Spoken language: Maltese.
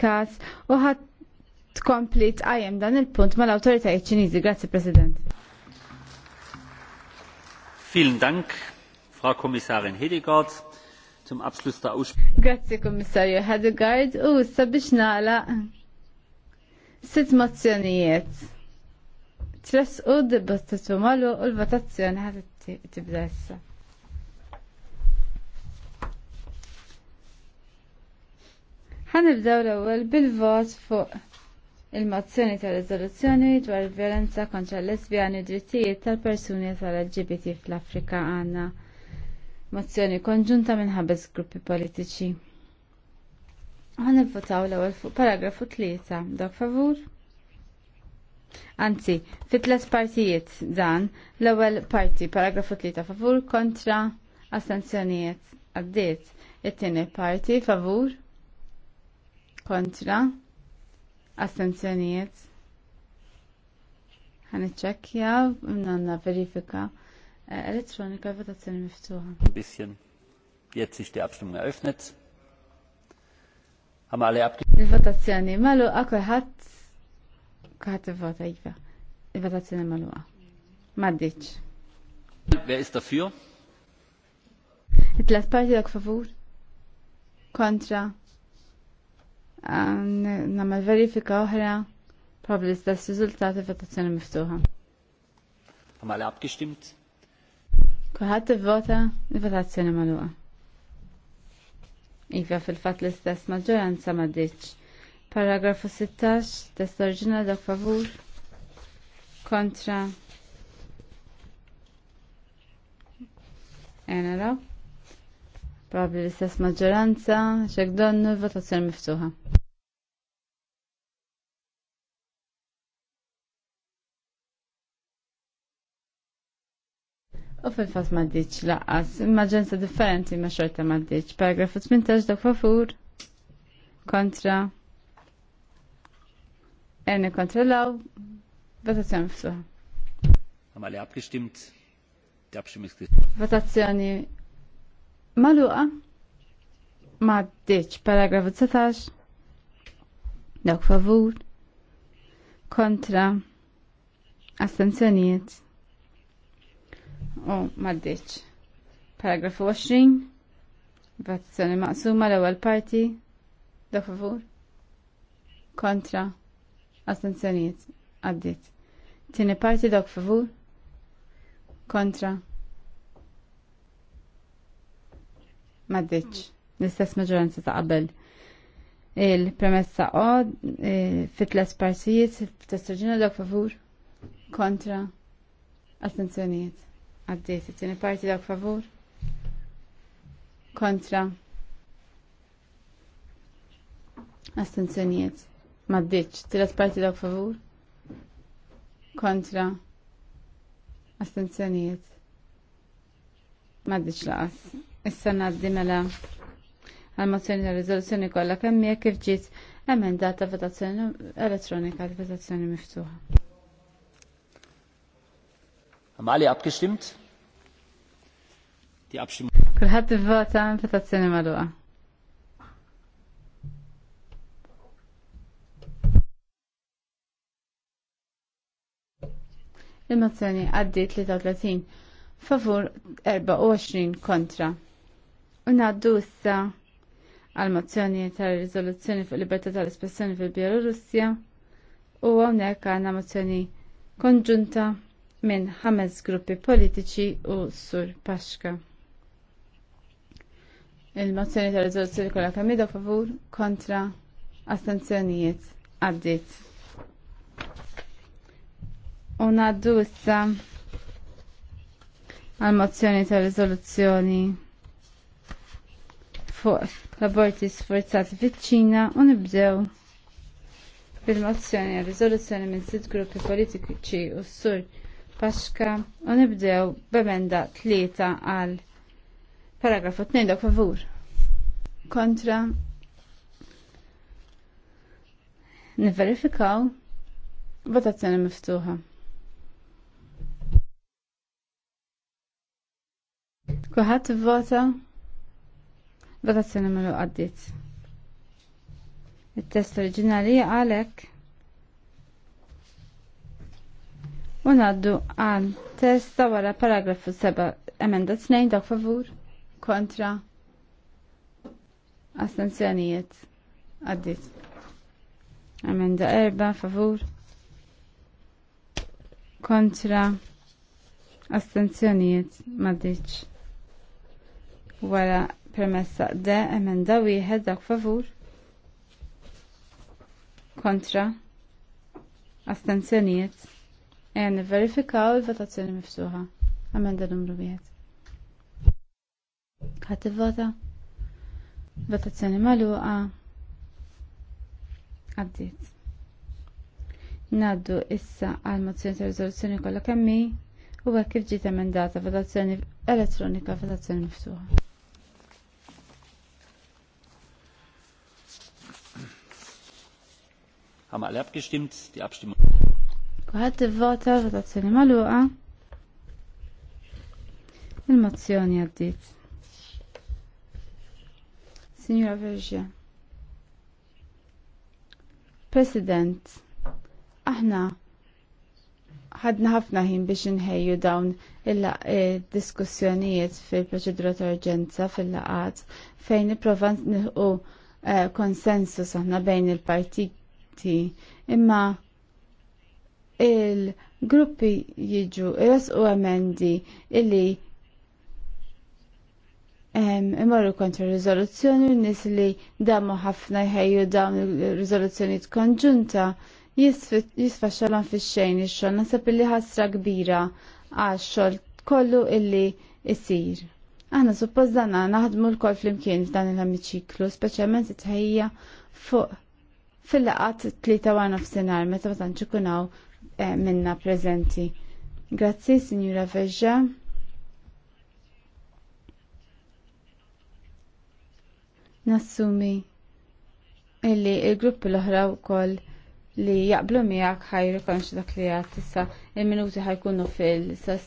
kas u ħat tkompli tqajjem dan il-punt ma l-autoritajiet Ċiniżi. Grazie, President. Vielen Dank, Frau Kommissarin Hedegaard. Zum Abschluss der Aussprache. Grazie, Kommissario Hedegaard. U issa biex nagħlaq sitt mozzjonijiet. Tres u dibattatu malu u l-votazzjoni ħad tibda issa. Ħanibdew l-ewwel bil-vot fuq il-mozzjoni ta' riżoluzzjoni dwar il-vjolenza kontra l-lesbjani drittijiet tal-persuni tal-LGBT fl-Afrika għandna mozzjoni konġunta minn ħabes gruppi politiċi. Ħanivvotaw l-ewwel fuq paragrafu tlieta dak favur. Anzi, fit tlet partijiet dan, l-ewwel parti paragrafu tlieta favur kontra astenzjonijiet għaddiet, it-tieni parti favur kontra astenzjonijiet ħanitċekkja nanna verifika eh, elettronika votazzjoni miftuħa. Bissjen, Jetzt ist die Abstimmung eröffnet. Għamali alle Il-votazzjoni malu maluqa kulħadd kulħadd ivvota iva. Il-votazzjoni malu għak. Maddiċ. Wer ist dafür? il tlet parti dak favur? Kontra? namel verifika oħra probabli stess riżultati votazzjoni miftuħa. Għamal għab kishtimt? Kuħat ivvota vota votazzjoni maluqa. Iva fil-fat l-istess maġġoranza ma Paragrafu 16, test oriġinal dak favur, kontra. Enero. probabli l-istess maġġoranza, xek donnu, votazzjoni miftuħa. U fil-fat maddiċ laqqas, maġenza differenti ma xorta maddiċ. Paragrafu 18 dak favur kontra ene kontra law, votazzjoni fsuħ. Għamali abgestimmt, Votazzjoni maluqa maddiċ. Paragrafu 19 dak favur kontra astenzjonijiet. U maddiċ. Paragrafu 20. Votazzjoni maqsuma l-ewwel parti. Da favur. Kontra. Astenzjonijiet. Għaddit. Tieni parti dok favur. Kontra. Maddiċ. L-istess maġoranza ta' qabel il-premessa o e, fit partijiet, fit-test dak favur, kontra, attenzjonijiet għaddejt it-tieni parti dak favur. Kontra. Astenzjonijiet. Maddiċ. Tiret parti dak favur. Kontra. Astenzjonijiet. Maddiċ laqas. Issa naddi mela għal-mozzjoni ta' rizoluzzjoni kollha kemm hija kif ġiet emendata votazzjoni elettronika l votazzjoni miftuħa. Haben alle abgestimmt? Kulħadd ivvota votazzjoni Il-mozzjoni għaddi 33 favur 24 kontra. Unaddu issa għal mozzjoni tal-rizoluzzjoni fuq libertà tal-espressjoni fil-Bielorussja u għonek għanna mozzjoni konġunta minn ħames gruppi politiċi u sur Paxka. Il-mozzjoni ta' rezoluzzjoni kollha kamida favur kontra astenzjonijiet għaddiet. U issa għal mozzjoni ta' rezoluzzjoni fuq l-aborti sforzati fiċċina u nibdew bil-mozzjoni għal riżoluzzjoni minn sitt gruppi politiċi u s-sur paska u nibdew b'emenda tlieta għal paragrafu 2 dak favur. Kontra niverifikaw votazzjoni miftuħa. Kuħat vota votazzjoni mill għaddit. Il-test oriġinali għalek U naddu għal testa wara paragrafu 7 emenda 2 dak favur kontra astenzjonijiet għaddit. Emenda 4 favur kontra astenzjonijiet maddiċ. Wara permessa de emenda wieħed dak favur kontra astenzjonijiet en verifikaw il-votazzjoni mifsuħa Amenda numru Għat il-vota. Votazzjoni magħluqa. Għaddiet. Naddu issa għal mozzjoni ta' riżoluzzjoni kollha kemmi u hekk kif ġiet emendata votazzjoni elettronika votazzjoni mifsuħa. Haben alle abgestimmt? Die Abstimmung. Kuħat vota votazzjoni maluqa. Il-mozzjoni għaddit. Signora Verge. President, aħna ħadna ħafna ħin biex nħejju dawn il-diskussjonijiet eh, fil-proċedura ta' urġenza fil-laqat fejn niprofa nħu eh, konsensus aħna bejn il-partiti imma il-gruppi jiġu ras u emendi illi imorru kontra rizoluzzjoni nis li damu ħafna jħejju dawn il-rizoluzzjoni konġunta jisfaxxalan fi xejn ix-xogħol naħseb illi ħasra kbira għax-xogħol kollu illi jsir. Aħna suppożana naħdmu l-kol fl-imkien f'dan il-ħemiċiklu, speċjalment it fuq fil-laqat tlieta għan nofsinar, meta ma tantx ikunaw Eh, minna prezenti. Grazzi, Signora Veġġa. Nassumi illi il-grupp l-oħra wkoll li jaqblu miegħek ħaj rikonxu dak li jgħat issa il-minuti ħajkunu fil-sess